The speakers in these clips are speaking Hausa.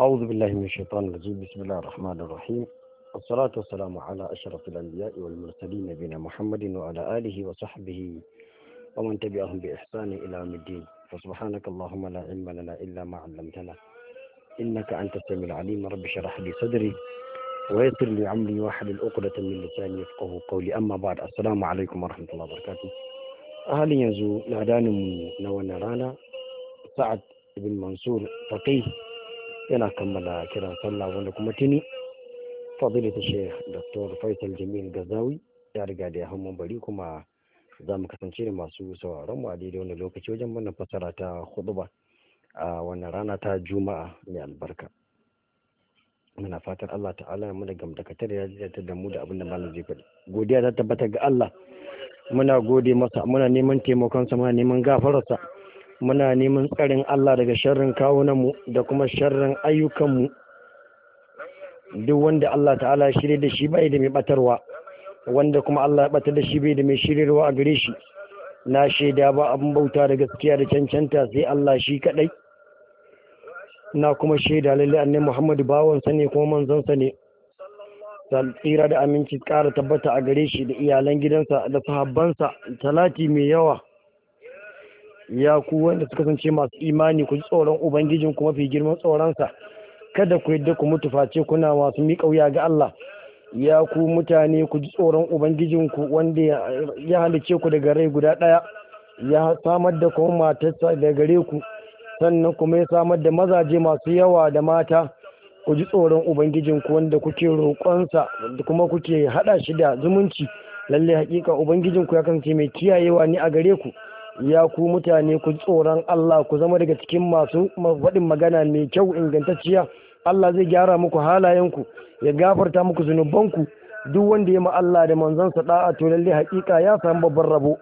أعوذ بالله من الشيطان الرجيم بسم الله الرحمن الرحيم والصلاة والسلام على أشرف الأنبياء والمرسلين نبينا محمد وعلى آله وصحبه ومن تبعهم بإحسان إلى يوم الدين فسبحانك اللهم لا علم لنا إلا ما علمتنا إنك أنت السميع العليم رب اشرح لي صدري ويسر لي عمري واحلل عقدة من لساني يفقه قولي أما بعد السلام عليكم ورحمة الله وبركاته أهلا ينزو نادان نوانا رانا سعد بن منصور فقيه yana kammala kiran sallah wanda kuma tuni fadilatu sheikh dr faisal jamil gazawi ya riga da ya hau bari kuma za mu kasance da masu sauraron mu a daidai wani lokaci wajen mana fasara ta ba, a wannan rana ta juma'a mai albarka muna fatar Allah ta'ala ya muna gamdakatar ya jidata da mu da abin da malam zai faɗi godiya ta tabbata ga Allah muna gode masa muna neman taimakonsa muna neman gafararsa muna neman tsarin Allah daga sharrin kawunanmu da kuma sharrin ayyukanmu duk wanda Allah ta'ala shirye da shi bai da mai batarwa wanda kuma Allah ya batar da shi bai da mai shiryarwa a gare shi na shaida ba abin bauta da gaskiya da cancanta sai Allah shi kadai na kuma shaida lalle annabi Muhammad bawon sa ne kuma manzon sa ne tsira da aminci ƙara tabbata a gare shi da iyalan gidansa da sahabbansa talati mai yawa ya ku wanda suka kasance masu imani ku ji tsoron ubangijin ku mafi girman tsoronsa kada ku yadda ku mutu face kuna masu miƙa wuya ga Allah ya ku mutane ku ji tsoron ubangijin ku wanda ya halice ku daga rai guda ɗaya ya samar da kuma matarsa da gare ku sannan kuma ya samar da mazaje masu yawa da mata ku ji tsoron ubangijin ku wanda kuke roƙonsa da kuma kuke haɗa shi da zumunci lallai hakika ku ya kasance mai kiyayewa ne a gare ku ya ku mutane ku tsoron Allah ku zama daga cikin masu faɗin magana mai kyau ingantacciya Allah zai gyara muku halayenku ya gafarta muku zunubanku duk wanda ya ma Allah da manzansa da'a to lalle haƙiƙa ya samu babban rabo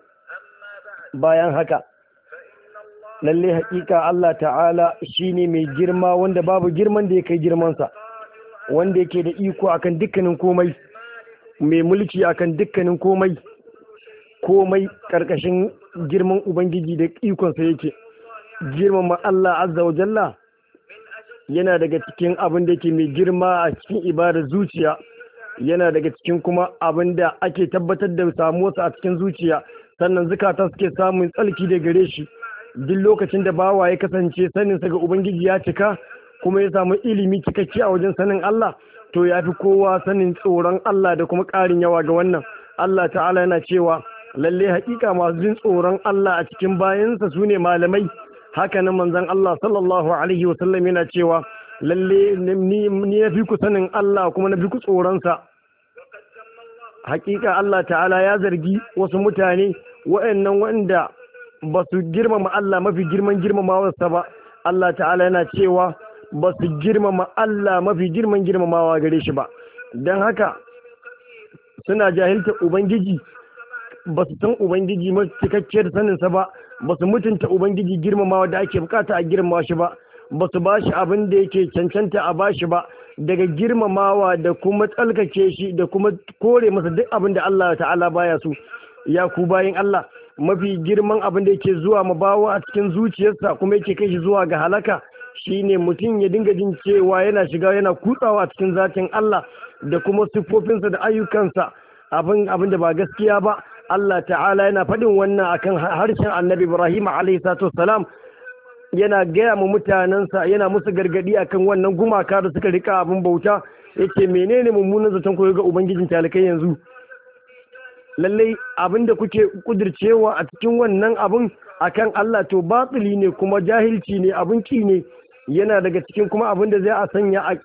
bayan haka lalle haƙiƙa Allah ta'ala shine mai girma wanda babu girman da ya kai girmansa wanda yake da iko akan dukkanin komai mai mulki akan dukkanin komai komai karkashin girman ubangiji da ikonsa yake girmama Allah azza wa jalla yana daga cikin abin da ke mai girma a cikin ibadar zuciya yana daga cikin kuma abin da ake tabbatar da samuwarsa a cikin zuciya sannan zukata suke samun tsalki da gare shi duk lokacin da bawa ya kasance saninsa ga ubangiji ya cika kuma ya samu ilimi cikakke a wajen sanin Allah to ya fi kowa sanin tsoron Allah da kuma ƙarin yawa ga wannan Allah ta'ala yana cewa lalle haƙiƙa masu jin tsoron Allah a cikin bayansa su ne malamai hakanan manzon Allah sallallahu alaihi wasallam yana cewa lalle ni ya fi ku sanin Allah kuma na fi ku tsoronsa haƙiƙa Allah ta'ala ya zargi wasu mutane wa'annan wanda ba su girmama Allah mafi girman girmamawarsa ba Allah ta'ala yana cewa ba su girmama Allah mafi girman girmamawa gare shi ba don haka suna jahilta ubangiji ba su san ubangiji cikakkiyar saninsa ba ba su mutunta ubangiji girmamawa da ake bukata a girmama shi ba ba su ba shi abin da yake cancanta a ba shi ba daga girmamawa da kuma tsalkake shi da kuma kore masa duk abin da Allah ta'ala baya su ya ku bayin Allah mafi girman abin da yake zuwa ma bawa a cikin zuciyarsa kuma yake kai shi zuwa ga halaka shi ne mutum ya dinga jin cewa yana shiga yana kutsawa a cikin zatin Allah da kuma siffofinsa da ayyukansa abin da ba gaskiya ba Allah ta'ala yana faɗin wannan akan harshen annabi Ibrahim salam yana gaya mu mutanensa yana musu gargaɗi akan wannan gumaka da suka rika abin bauta yake menene mummunan zaton koyo ga ubangijin talakai yanzu lallai abin da kuke kudircewa a cikin wannan abin akan Allah to batsili ne kuma jahilci ne abin ki ne yana daga cikin kuma abin da zai a sanya a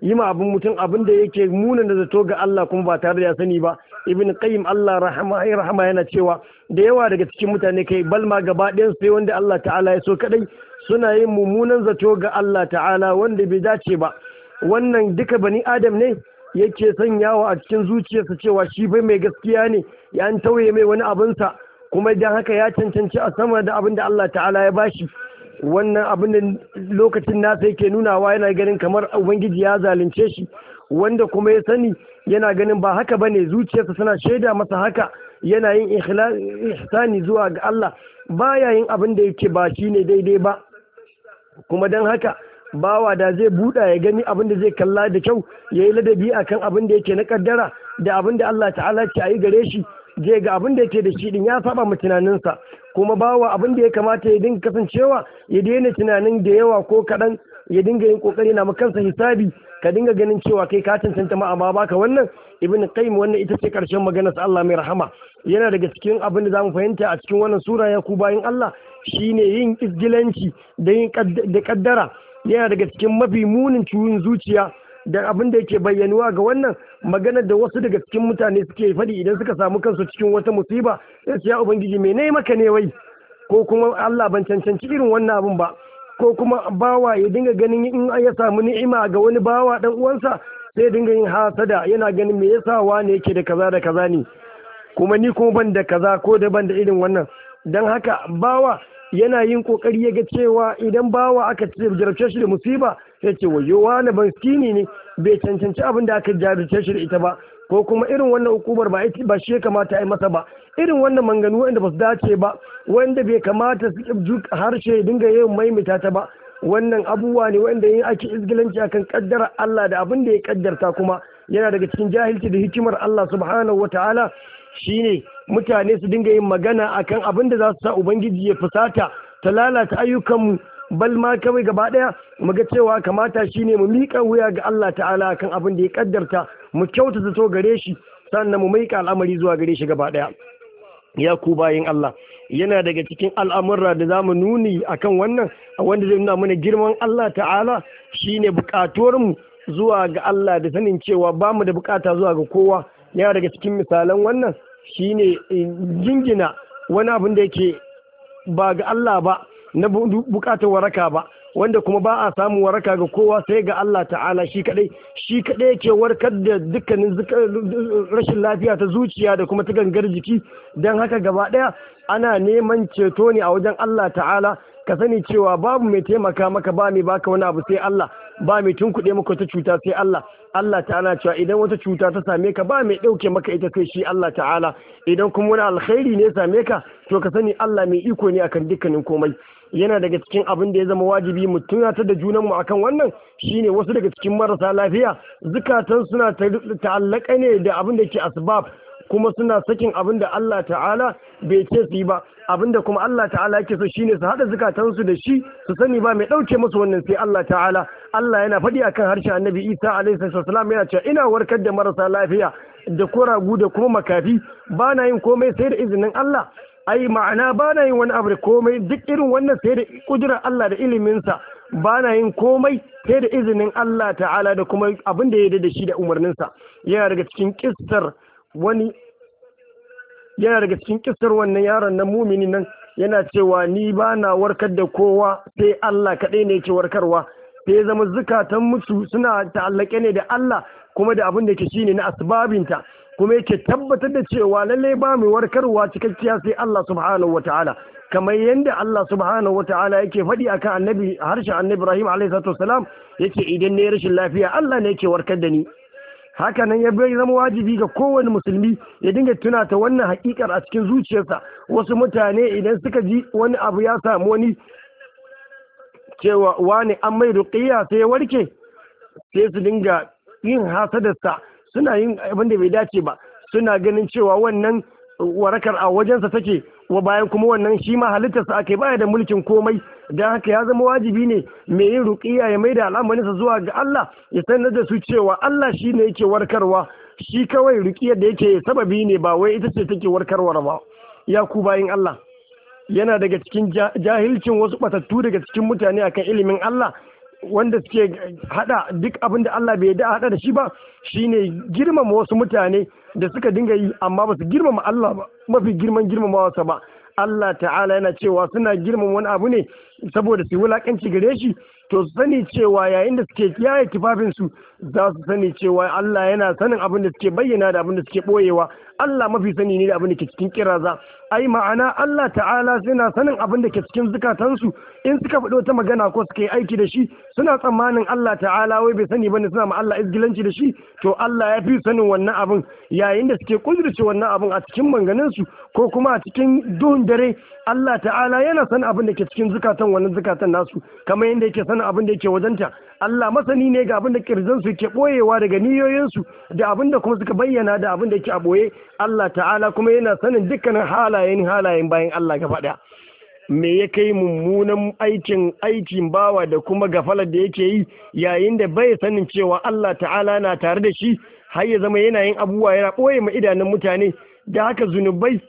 yi ma abin mutum abin da yake munan da zato ga Allah kuma ba tare da ya sani ba ibn qayyim Allah rahama ya rahama yana cewa da yawa daga cikin mutane kai balma gaba ɗayan sai wanda Allah ta'ala ya so kadai suna yin mummunan zato ga Allah ta'ala wanda bai dace ba wannan duka bani adam ne yake sanyawa a cikin zuciyarsa cewa shi bai mai gaskiya ne ya an tauye mai wani abinsa kuma idan haka ya cancanci a sama da abin da Allah ta'ala ya bashi wannan abin da lokacin nasa yake nunawa yana ganin kamar ubangiji ya zalunce shi wanda kuma ya sani yana ganin ba haka ba ne zuciyarsa suna shaida masa haka yana yin ihsani zuwa ga Allah baya yin abin da yake ba ne daidai ba kuma don haka bawa da zai buɗa ya gani abin da zai kalla da kyau ya yi ladabi a kan abin da yake na kaddara da abin da Allah ta'ala ce a yi gare shi zai ga abin da yake da shi din ya saba ma tunaninsa kuma bawa abin da ya kamata ya dinga kasancewa ya daina tunanin da yawa ko kaɗan ya dinga yin ƙoƙari na kansa hisabi ka dinga ganin cewa kai ka cancanta ma amma baka wannan ibn qayyim wannan ita ce karshen sa Allah mai rahama yana daga cikin abin da zamu fahimta a cikin wannan sura ya ku bayin Allah shine yin izgilanci da yin da kaddara yana daga cikin mafi munin ciwon zuciya da abin da yake bayyanuwa ga wannan magana da wasu daga cikin mutane suke faɗi idan suka samu kansu cikin wata musiba sai ya ubangiji me ne maka ne wai ko kuma Allah ban cancanci irin wannan abin ba ko kuma bawa ya dinga ganin in ya samu ni'ima ga wani bawa dan uwansa sai dinga yin hasada yana ganin me yasa wane yake da kaza da kaza ne kuma ni kuma ban da kaza ko da ban da irin wannan dan haka bawa yana yin kokari ya ga cewa idan bawa aka jarabce shi da musiba sai ce wayo wani ban skini ne bai cancanci abin da aka jarabce shi da ita ba ko kuma irin wannan hukumar ba ba shi ya kamata a yi masa ba irin wannan manganu wanda ba su dace ba wanda bai kamata su harshe dinga yin maimaita ta ba wannan abubuwa ne wanda yin ake izgilanci akan kaddara Allah da abin da ya kaddarta kuma yana daga cikin jahilci da hikimar Allah subhanahu wataala shine mutane su dinga yin magana akan abin da za su sa ubangiji ya fusata ta lalata ayyukanmu bal ma kawai gaba daya mu ga cewa kamata shine mu miƙa wuya ga Allah ta'ala akan abin da ya kaddarta mu kyautata so gare shi sannan mu maika al'amari zuwa gare shi gaba ɗaya. ya ku bayin Allah yana daga cikin al'amurra da za mu nuni akan wannan a wanda zai nuna mana girman Allah ta'ala shine bukatuwar mu zuwa ga Allah da sanin cewa ba mu da bukata zuwa ga kowa yana daga cikin misalan wannan shine jingina wani abin da yake ba ga Allah ba na bukatar waraka ba wanda kuma ba a samun waraka ga kowa sai ga Allah ta'ala shi kadai shi kadai yake warkar da dukkanin rashin lafiya ta zuciya da kuma ta gangar jiki don haka gaba daya ana neman ceto ne a wajen Allah ta'ala ka sani cewa babu mai taimaka maka ba mai baka wani abu sai Allah ba mai tunkuɗe maka wata cuta sai Allah Allah ta'ala cewa idan wata cuta ta same ka ba mai ɗauke maka ita sai shi Allah ta'ala idan kuma wani alkhairi ne same ka to ka sani Allah mai iko ne akan dukkanin komai yana daga cikin abin da ya zama wajibi mu tunatar da junanmu akan wannan shine wasu daga cikin marasa lafiya zukatan suna ta'allaka ne da abin da ke asbab kuma suna sakin abin da Allah ta'ala bai ce su yi ba abin da kuma Allah ta'ala yake so shine su haɗa su da shi su sani ba mai ɗauke musu wannan sai Allah ta'ala Allah yana faɗi akan harshen annabi Isa alaihi salam yana cewa ina warkar da marasa lafiya da koragu da kuma makafi ba na yin komai sai da izinin Allah ai ma'ana ba na yin wani abu da komai duk irin wannan sai da kudurar Allah da iliminsa ba na yin komai sai da izinin Allah ta'ala da kuma abin da ya da shi da umarninsa yana daga cikin kistar yana daga cikin wannan yaron na mumini nan yana cewa ni ba na warkar da kowa sai Allah kaɗai ne ke warkarwa sai ya zama zukatan mutu suna ta'allake ne da Allah kuma da abin da ke shine na asbabinta kuma yake tabbatar da cewa lalle ba warkar warkarwa cikakkiya sai Allah subhanahu wataala kamar yadda Allah subhanahu wataala yake faɗi akan annabi harshen annabi Ibrahim alayhi salatu wasalam yake idan ne rashin lafiya Allah ne yake warkar da ni haka nan ya bai zama wajibi ga kowane musulmi ya dinga tunata wannan hakikar a cikin zuciyarsa wasu mutane idan suka ji wani abu ya samu wani cewa wani an mai ruqiyya sai ya warke sai su dinga yin hasadarsa suna yin abin da bai dace ba suna ganin cewa wannan warakar a wajensa take wa bayan kuma wannan shi ma halittarsa aka yi baya da mulkin komai don haka ya zama wajibi ne mai yin ruƙiya ya maida al'amarinsa zuwa ga Allah ya sanar da su cewa Allah shi ne yake warkarwa shi kawai ruƙiyar da yake sababi ne ba wai ita ce take warkarwa ba ya ku bayin Allah yana daga cikin jahilcin wasu batattu daga cikin mutane akan ilimin Allah wanda suke hada duk abin da Allah bai da hada da shi ba shine girmama wasu mutane da suka dinga yi amma ba su girmama Allah ba mafi girman girmamawarsa ba Allah ta'ala yana cewa suna girmama wani abu ne saboda su wulakanci gare shi to su sani cewa yayin da suke kiyaye tufafin su za su sani cewa Allah yana sanin abin da suke bayyana da abin da suke boyewa Allah mafi sani ne da abin da ke cikin kiraza ai ma'ana Allah ta'ala suna sanin abin da ke cikin zukatansu in suka faɗi wata magana ko suka yi aiki da shi suna tsammanin Allah ta'ala wai bai sani bane suna ma Allah izgilanci da shi to Allah ya fi sanin wannan abin yayin da suke kudurce wannan abin a cikin manganinsu ko kuma a cikin duhun dare Allah ta'ala yana sanin abin da ke cikin zukatan wannan zukatan nasu kamar yadda yake sanin abin da yake wajenta Allah masani ne ga abin da kirjinsu ke boyewa daga niyoyinsu da abin da kuma suka bayyana da abin da yake a boye Allah ta'ala kuma yana sanin dukkanin halayen halayen bayan Allah gaba ɗaya me ya kai mummunan aikin aikin bawa da kuma gafalar da yake yi yayin da bai sanin cewa Allah ta'ala na tare da shi har ya zama yana yin abubuwa yana ɓoye ma idanun mutane da haka zunubai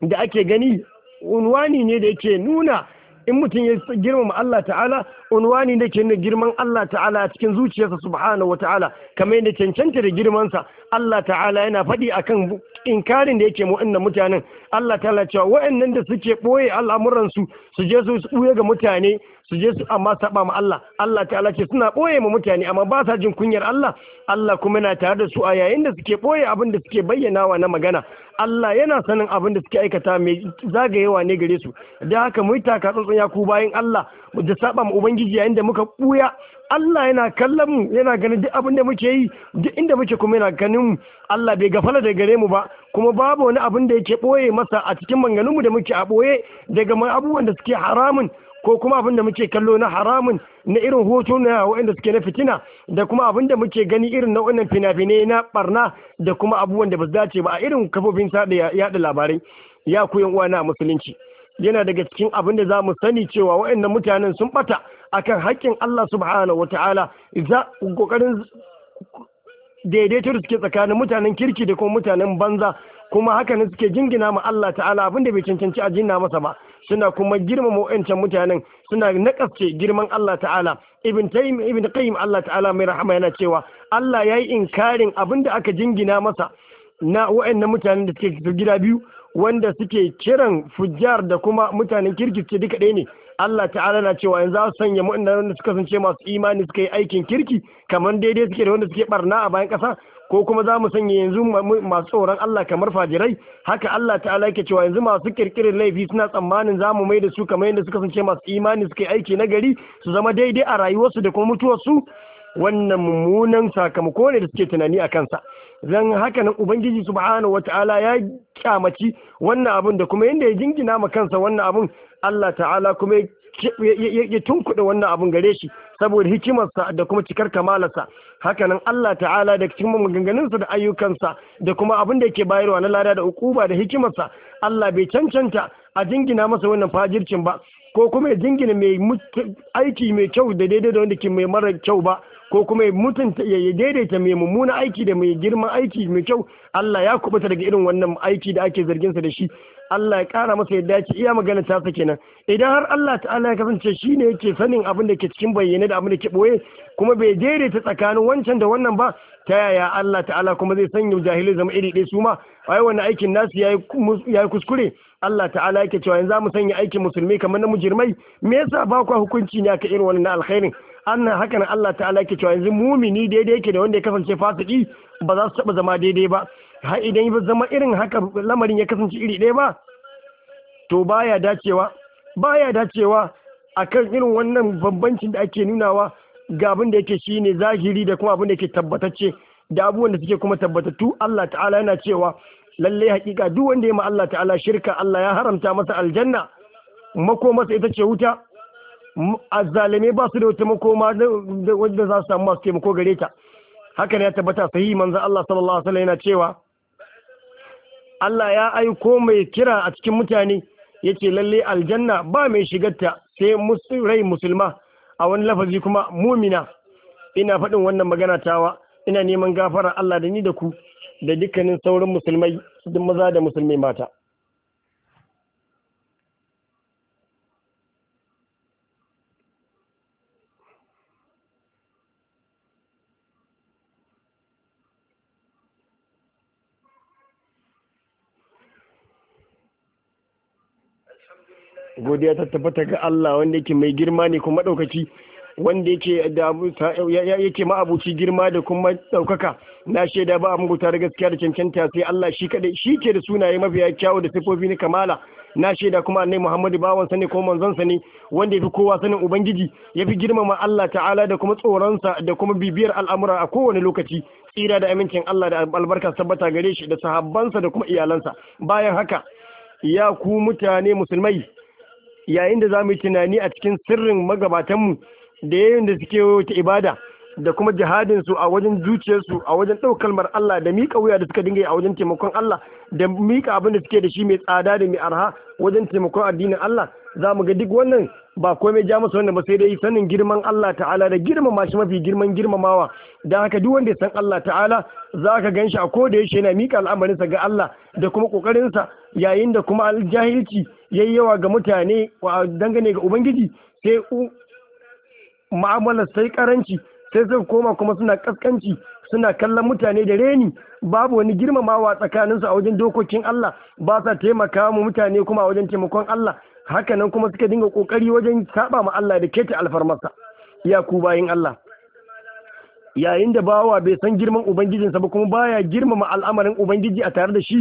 da ake gani unwani ne da yake nuna in mutum ya girmama Allah ta'ala unwani da ke na girman Allah ta'ala a cikin zuciyarsa subhanahu wa ta'ala kamar yadda cancanta da girmansa Allah ta'ala yana faɗi akan inkarin da yake mu'annan mutanen Allah ta'ala cewa wa'annan da suke ɓoye al'amuransu su je su ɓuya ga mutane su je su amma saba ma Allah Allah ta'ala ce suna boye mu mutane amma ba sa jin kunyar Allah Allah kuma yana tare da su a yayin da suke boye abin da suke bayyana wa na magana Allah yana sanin abin da suke aikata mai zagayewa ne gare su da haka mu taka tsantsan ya ku bayan Allah da saba ma ubangiji yayin da muka buya Allah yana kallon mu yana ganin duk abin da muke yi duk inda muke kuma yana ganin mu Allah bai gafala da gare mu ba kuma babu wani abin da yake boye masa a cikin mu da muke a boye daga abubuwan da suke haramun ko kuma abin da muke kallo na haramun na irin hotuna waɗanda suke na fitina da kuma abin da muke gani irin na wannan fina-finai na barna da kuma abubuwan da ba su dace ba a irin kafofin sada yaɗa labarai ya koyan uwa uwana a musulunci yana daga cikin abin da za mu sani cewa wa'annan mutanen sun bata akan haƙƙin Allah subhanahu wataala za kokarin daidaito da suke tsakanin mutanen kirki da kuma mutanen banza kuma haka suke jingina ma Allah ta'ala abin da bai cancanci a jinna masa ba suna kuma girmama wa'ancan mutanen suna nakasce girman Allah ta'ala ibn tayyim ibn qayyim Allah ta'ala mai rahama yana cewa Allah ya yayi inkarin abinda aka jingina masa na wa'annan mutanen da suke gida biyu wanda suke kiran fujjar da kuma mutanen kirkice duka ɗaya ne Allah ta'ala na cewa yanzu za su sanya mu'minan wanda suka kasance masu imani suka yi aikin kirki kamar daidai suke da wanda suke barna a bayan ƙasa ko kuma za mu sanya yanzu masu tsoron Allah kamar fajirai haka Allah ta'ala yake cewa yanzu masu kirkirin laifi suna tsammanin za mu mai da su kamar yadda suka sance masu imani suka yi aiki na gari su zama daidai a rayuwarsu da kuma mutuwarsu wannan mummunan sakamako ne da suke tunani a kansa zan haka nan ubangiji subhanahu wata'ala ya kyamaci wannan abun da kuma yadda ya jingina ma kansa wannan abun Allah ta'ala kuma ya tunkuɗa wannan abun gare shi saboda hikimarsa da kuma cikar kamalarsa hakanan Allah ta'ala da cikin maganganunsa da ayyukansa da kuma abin da yake bayarwa na lada da ukuba da hikimarsa Allah bai cancanta a jingina masa wannan fajircin ba ko kuma ya jingina mai aiki mai kyau da daidai da wanda ke mai mara kyau ba ko kuma ya mutunta ya daidaita mai mummuna aiki da mai girman aiki mai kyau Allah ya kubuta daga irin wannan aiki da ake zargin sa da shi Allah ya ƙara masa yadda ce iya magana ta sake kenan idan har Allah ta'ala ya kasance shi ne yake sanin abin da ke cikin bayyane da abin da ke ɓoye kuma bai daidaita tsakanin wancan da wannan ba ta yaya Allah ta'ala kuma zai sanya jahilai zama iri ɗaya su ma ai aikin nasu ya yi kuskure Allah ta'ala yake cewa yanzu mu sanya aikin musulmi kamar na mujirmai me yasa ba ku hukunci ne aka irin na alkhairin annan hakan Allah ta'ala yake cewa yanzu mumini daidai yake da wanda ya kasance fasiki ba za su taɓa zama daidai ba har idan ba zama irin haka lamarin ya kasance iri ɗaya ba to baya dacewa baya dacewa akan irin wannan bambancin da ake nunawa ga abin da yake shine zahiri da kuma abin da yake tabbatacce da abubuwan da suke kuma tabbatattu Allah ta'ala yana cewa lallai hakika duk wanda ya ma Allah ta'ala shirka Allah ya haramta masa aljanna mako masa ita ce wuta azzalame ba su da wata makoma wanda za su samu masu taimako gare ta ne ya tabbata sahihi manzo Allah sallallahu alaihi wasallam yana cewa Allah ya aiko mai kira a cikin mutane yace lalle aljanna ba mai shigarta sai rai musulma a wani lafazi kuma mumina ina faɗin wannan magana tawa ina neman gafara Allah da ni da ku da dukkanin sauran musulmai su maza da musulmai mata godiya ta tabbata ga Allah wanda yake mai girma ne kuma ɗaukaki wanda yake da yake ma'abuci girma da kuma ɗaukaka na shaida ba a ta da gaskiya da cancanta sai Allah shi kaɗai shi ke da sunaye mafiya kyawu da sifofi na kamala na shaida kuma annai Muhammadu bawan sa ne ko manzon sa ne wanda yafi kowa sanin ubangiji yafi girmama Allah ta'ala da kuma tsoron sa da kuma bibiyar al'amura a kowane lokaci tsira da amincin Allah da albarka tabbata gare shi da sahabbansa da kuma iyalansa bayan haka ya ku mutane musulmai yayin da za mu yi tunani a cikin sirrin magabatanmu da yayin da suke wata ibada da kuma jihadinsu a wajen zuciyarsu a wajen ɗaukar kalmar Allah da miƙa wuya da suka dinga yi a wajen taimakon Allah da miƙa abin da suke da shi mai tsada da mai arha wajen taimakon addinin Allah za mu ga duk wannan ba komai ja masa wannan ba sai dai sanin girman Allah ta'ala da girmama shi mafi girman girmamawa Da haka duk wanda ya san Allah ta'ala za ka gan ganshi a koda yaushe yana mika al'amarinsa ga Allah da kuma kokarin sa yayin da kuma aljahilci yi yawa ga mutane dangane ga ubangiji sai mu'amalar sai karanci sai suka koma kuma suna kaskanci suna kallon mutane da reni babu wani girmamawa tsakaninsu a wajen dokokin Allah ba sa taimaka mu mutane kuma a wajen taimakon Allah Hakanan kuma suka dinga kokari wajen saba ma Allah da keta alfarmarsa ya ku bayin Allah yayin da bawa bai san girman ubangijinsa ba kuma baya girmama al'amarin ubangiji a tare da shi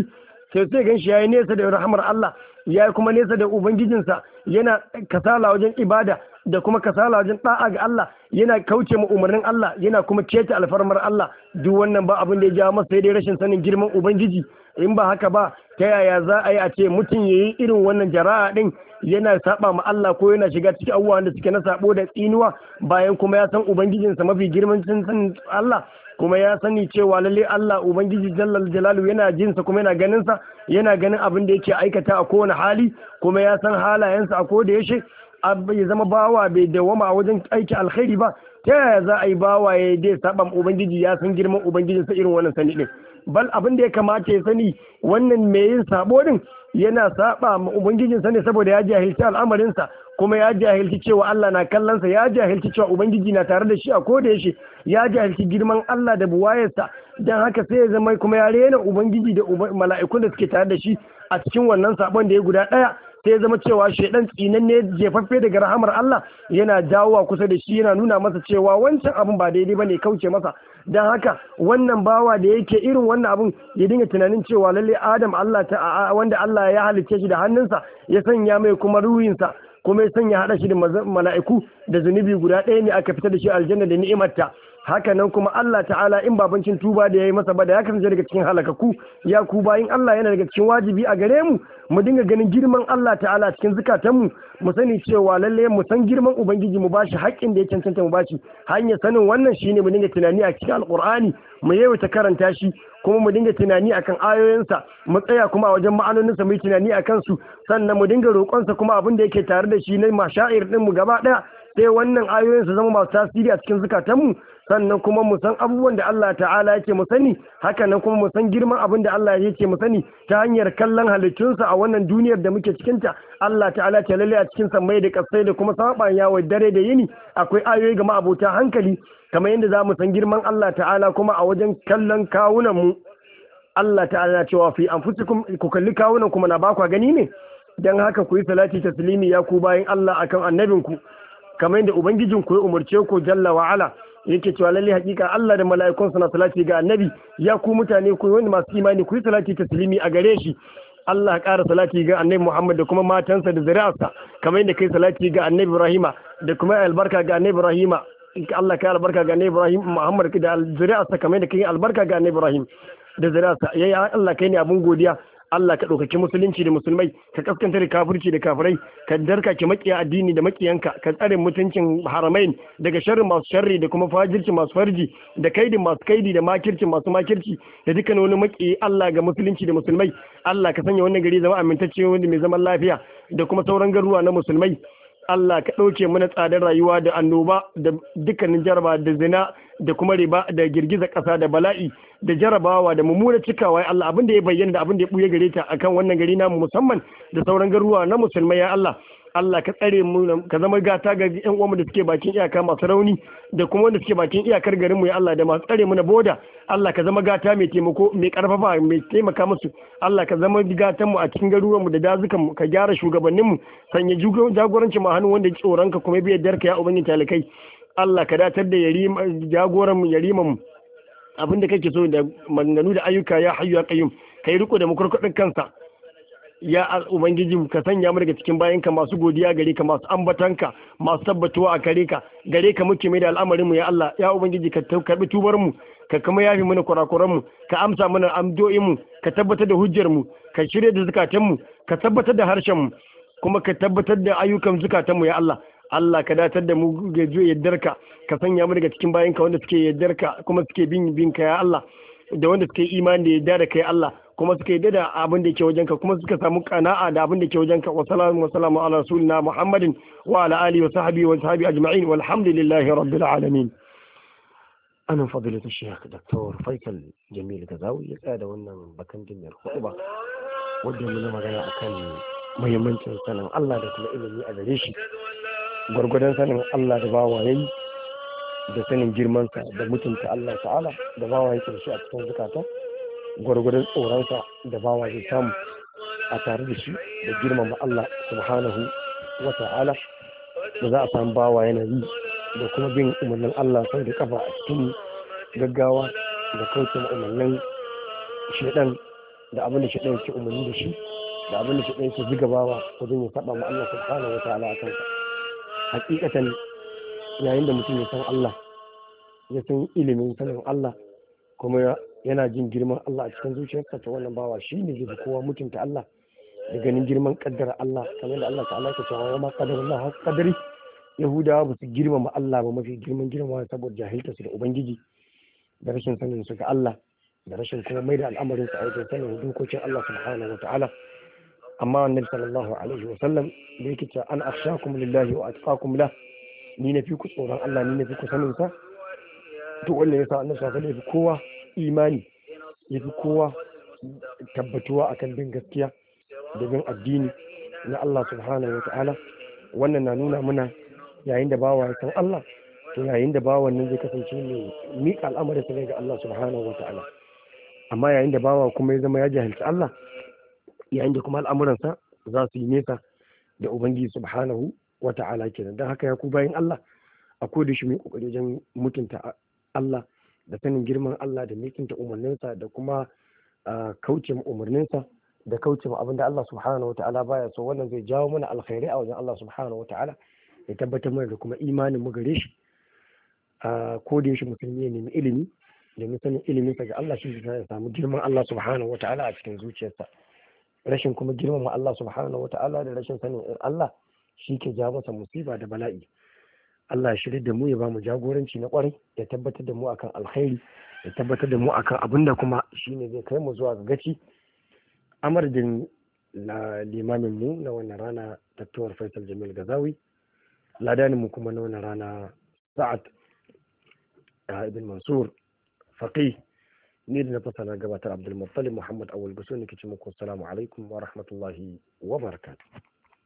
sai sai ganshi yayi nesa da rahamar Allah yayi kuma nesa da ubangijinsa yana kasala wajen ibada da kuma kasala wajen da'a ga Allah yana kauce ma umarnin Allah yana kuma keta alfarmar Allah duk wannan ba abin da ya ja masa sai dai rashin sanin girman ubangiji in ba haka ba ta yaya za a yi a ce mutum ya yi irin wannan jara'a din yana saba ma Allah ko yana shiga ciki abubuwa da suke na sabo da tsinuwa bayan kuma ya san ubangijinsa mafi girman sanin Allah kuma ya sani cewa lalle Allah Ubangiji Jallal Jalalu yana jinsa kuma yana ganinsa yana ganin abin da yake aikata a kowane hali kuma ya san halayensa a koda yaushe ya zama bawa bai dawama a wajen aiki alkhairi ba ta yaya za a yi bawa ya yi dai saban ubangiji ya san girman ubangijinsa sa irin wannan sani din bal abin da ya kamata ya sani wannan mai yin sabo din yana saba ma ubangijin sa ne saboda ya jahilci al'amarin sa kuma ya jahilci cewa Allah na kallon sa ya jahilci cewa ubangiji na tare da shi a koda yaushe ya jahilci girman Allah da buwayarsa dan haka sai ya zama kuma ya rena ubangiji da mala'ikun da suke tare da shi a cikin wannan sabon da ya guda daya sai zama cewa shaidan tsinan ne jefaffe daga rahamar Allah yana jawowa kusa da shi yana nuna masa cewa wancan abin ba daidai bane kauce masa dan haka wannan bawa da yake irin wannan abin ya dinga tunanin cewa lalle Adam Allah ta wanda Allah ya halicce shi da hannunsa ya sanya mai kuma ruhinsa kuma ya sanya hada shi da mala'iku da zunubi guda ɗaya ne aka fita da shi aljanna da ni'imarta hakanan kuma Allah ta'ala in babancin tuba da ya yi masa ba da ya kasance daga cikin halakaku ya ku bayan Allah yana daga cikin wajibi a gare mu mu dinga ganin girman Allah ta'ala cikin zukatanmu mu sani cewa lalle mu san girman ubangiji mu bashi haƙƙin da ya cancanta mu bashi Hanya sanin wannan shine mu dinga tunani a cikin alqur'ani mu ta karanta shi kuma mu dinga tunani akan ayoyinsa mu tsaya kuma a wajen ma'anoninsa mu yi tunani akan su sannan mu dinga roƙonsa kuma abin da yake tare da shi na mashair din mu gaba ɗaya sai wannan ayoyin zama masu tasiri a cikin zukatanmu sannan kuma mu san abubuwan da Allah ta'ala yake mu sani haka nan kuma mu san girman abin da Allah yake mu sani ta hanyar kallon halittunsa a wannan duniyar da muke cikin ta Allah ta'ala ta lalle a cikin sammai da kasai da kuma saban yawo dare da yini akwai ayoyi ga abota hankali kamar yadda za mu san girman Allah ta'ala kuma a wajen kallon kawunan mu Allah ta'ala cewa fi anfusikum ku kalli kawunan kuma na bakwa gani ne dan haka ku yi salati taslimi ya ku bayan Allah akan annabinku kamar yadda ubangijin ku ya umarce ku jalla wa ala yake cewa lalle hakika Allah da mala'ikun suna salati ga annabi ya ku mutane ku wani masu imani ku yi salati silimi a gare shi Allah ƙara salati ga annabi Muhammad da kuma matansa da zuri'arsa kamar yadda kai salati ga annabi Ibrahim da kuma albarka ga annabi Ibrahima Allah ka albarka ga annabi Ibrahim Muhammad da zuri'arsa kamar yadda kai albarka ga annabi Ibrahim da zuri'arsa yayi Allah kai ne abun godiya Allah ka ɗaukaki musulunci da musulmai ka kaskanta da kafirci da kafirai ka darka ki maƙiya addini da maƙiyanka, ka tsare mutuncin haramain daga sharri masu sharri da kuma fajirci masu farji da kaidi masu kaidi da makirci masu makirci da dukkan wani maƙi Allah ga musulunci da musulmai Allah ka sanya wannan gari zama amintacce wanda mai zaman lafiya da kuma sauran garuruwa na musulmai Allah ka ɗauke mana tsadar rayuwa da annoba da dukkanin jaraba da zina da kuma riba da girgiza ƙasa da bala'i da jarabawa da mummuna cikawa ya Allah abin da ya bayyana da abin da ya ɓuya gare ta akan wannan gari namu musamman da sauran garuruwa na musulmai ya Allah Allah ka tsare mu ka zama gata ga yan uwanmu da suke bakin iyaka masu rauni da kuma wanda suke bakin iyakar garin mu ya Allah da masu tsare mu na boda Allah ka zama gata mai taimako mai karfafa mai taimaka musu Allah ka zama gatan mu a cikin garuruwan mu da dazukan mu ka gyara shugabannin mu sanya jagoranci mu hannun wanda tsoron ka kuma biyar darka ya ubangin talakai Allah ka datar da jagoran mu yariman mu abin kake so da maganganu da ayyuka ya hayyu ya kayyum kai riko da mukurkudin kansa ya ubangiji ka sanya mu daga cikin bayanka masu godiya gare ka masu ambatanka masu tabbatuwa a gare ka gare ka muke mai da al'amarin mu ya Allah ya ubangiji ka karbi tubar mu ka kuma yafi mana kurakuran mu ka amsa mana amdo'in mu ka tabbatar da hujjar mu ka shirya da zukatan mu ka tabbatar da harshen mu kuma ka tabbatar da ayyukan zukatan mu ya Allah Allah ka datar da mu ga yaddarka ka sanya mu daga cikin bayanka wanda suke yaddarka kuma suke bin bin ka ya Allah da wanda suke imani da yadda da kai Allah kuma suka yadda da abin da ke wajenka kuma suka samu kana'a da abin da ke wajenka wa salamu wa salamu ala rasulina muhammadin wa ala ali wa sahabi wa sahabi ajma'in walhamdulillahi rabbil alamin anan fadilatu shaykh dr faisal jamil gazawi ya tsaya da wannan bakan jinyar hutuba wanda mun magana akan muhimmancin sanin Allah da kuma ilimi a gare shi gwargwadon sanin Allah da bawa yayi da sanin girmansa da mutunta Allah ta'ala da bawa yake shi a cikin zukata gwargwadon tsoronsa da bawa zai samu a tare da shi da girmama Allah subhanahu wa ta'ala da za a samu bawa yana yi da kuma bin umarnin Allah sau da kafa a cikin gaggawa da kauce umarnin shaidan da abin da shaidan ke umarni da shi da abin da shaidan ke ziga bawa wajen ya saba Allah subhanahu wa ta'ala a kansa hakikatan yayin da mutum ya san Allah ya san ilimin sanin Allah kuma yana jin girman Allah a cikin zuciyarsa ta wannan bawa shi ne zai kowa mutunta Allah da ganin girman kaddara Allah kamar da Allah ta'ala ke cewa ma qadara Allah qadari Yahudawa ba su girmama Allah ba mafi girman girmama saboda jahilta su da ubangiji da rashin sanin su ga Allah da rashin kuma mai da al'amarin su aikin sanin dokokin Allah subhanahu wa ta'ala amma annabi sallallahu alaihi wa sallam da yake cewa an akhshakum lillahi wa atqakum la ni na fi ku tsoron Allah ni na fi ku sanin sa to wannan yasa annabi sallallahu alaihi kowa imani ya fi kowa tabbatuwa akan bin gaskiya da bin addini na Allah subhanahu wa ta'ala wannan na nuna muna yayin da bawa ya san Allah to yayin da bawan nan zai kasance mai miƙa al'amarin sa ga Allah subhanahu wa ta'ala amma yayin da bawa kuma ya zama ya jahilci Allah yayin da kuma al'amuransa za su yi nesa da ubangiji subhanahu wa ta'ala kenan don haka ya ku bayan Allah a koda shi mai kokari wajen mutunta Allah da sanin girman Allah da mikinta umarninsa da kuma kauce umarninsa da kauce ma abin da Allah subhanahu wa ta'ala baya so wannan zai jawo mana alkhairi a wajen Allah subhanahu wa ta'ala ya tabbatar mana da kuma imanin mu gare shi ko da yaushe musulmi ya nemi ilimi da sanin ilimin sa ga Allah shi zai samu girman Allah subhanahu wa ta'ala a cikin zuciyarsa rashin kuma girmama Allah subhanahu wa ta'ala da rashin sanin Allah shi ke jawo masa musiba da bala'i Allah shirya da mu ya ba jagoranci na kwarai ya tabbatar da mu akan alkhairi ya tabbatar da mu akan abin da kuma shine zai kai mu zuwa ga gaci amardin limamin mu na wannan rana tattuwar faisal jamil gazawi ladanin mu kuma na wannan rana sa'ad ibn mansur Faqi ni da na fasa na gabatar abdul muhammad Awul gusu ne ke muku assalamu alaikum wa rahmatullahi wa barakatuh